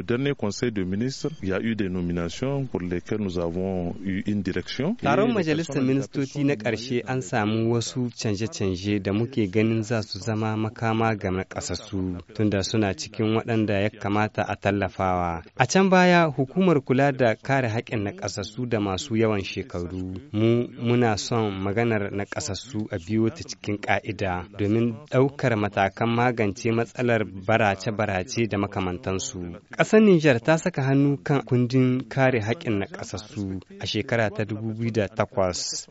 le dernier conseil de ministres, il y a eu des nominations pour lesquelles nous avons eu une direction. Taron majalisar ministoci na ƙarshe an samu wasu canje-canje da muke ganin za su zama makama ga kasasu tunda suna cikin waɗanda ya kamata a tallafawa. A can baya hukumar kula da kare haƙƙin na kasasu da masu yawan shekaru mu muna son maganar na kasasu a biyo ta cikin ƙa'ida domin ɗaukar matakan magance matsalar barace-barace da makamantansu. Ƙasar Nijar ta saka hannu kan kundin kare haƙƙin na ƙasassu a shekara ta 2008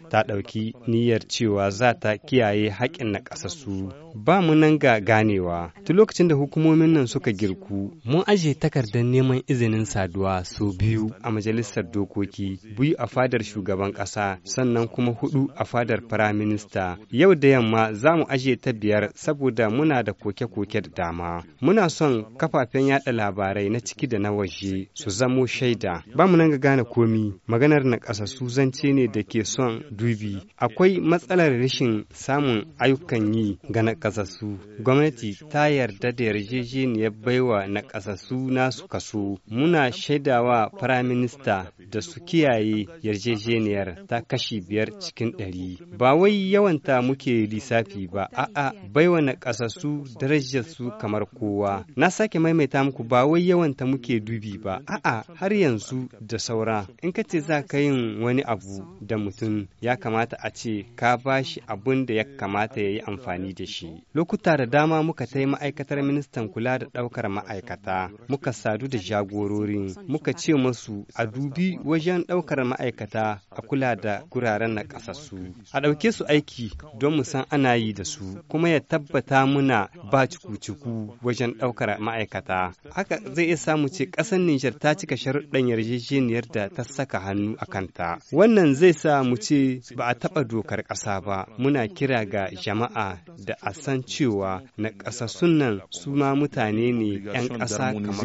ta ɗauki niyyar cewa za ta kiyaye haƙƙin na ƙasassu. Ba mu nan ga ganewa, tun lokacin da hukumomin nan suka girku, mun ajiye takardar neman izinin saduwa sau biyu a majalisar dokoki, biyu a fadar shugaban ƙasa, sannan kuma hudu a fadar firaminista. Yau da yamma za mu ajiye ta biyar saboda muna da koke-koke da dama. Muna son kafafen yada labarai na ciki da na waje su zamo shaida ba mu nan ga gane komi maganar na ƙasa su zance ne da ke son dubi akwai matsalar rashin samun ayyukan yi ga na su gwamnati ta yarda da yarjejeniyar baiwa na su nasu kaso muna shaidawa firaminista da su kiyaye yarjejeniyar ta kashi biyar cikin ɗari ba wai yawanta muke lissafi ba a'a baiwa na su darajar su kamar kowa na sake maimaita muku ba wai yawan ta muke dubi ba a'a har yanzu da saura in ka ce za ka yin wani abu da mutum ya kamata a ce ka ba shi abin da ya kamata ya yi amfani da shi lokuta da dama muka tai ma'aikatar ministan kula da ɗaukar ma'aikata muka sadu da jagororin muka ce masu a dubi wajen ɗaukar ma'aikata a kula da guraren na ƙasassu a ɗauke su aiki don mu san ana yi da su kuma ya tabbata muna ba cuku-cuku wajen ɗaukar ma'aikata haka zai isa samu ce ƙasar Nijar ta cika sharuɗan yarjejeniyar da ta saka hannu a kanta. Wannan zai sa mu ce ba a taɓa dokar ƙasa ba. Muna kira ga jama'a da a san cewa na ƙasa nan su ma mutane ne 'yan ƙasa kamar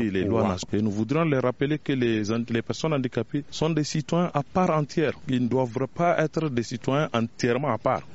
kowa.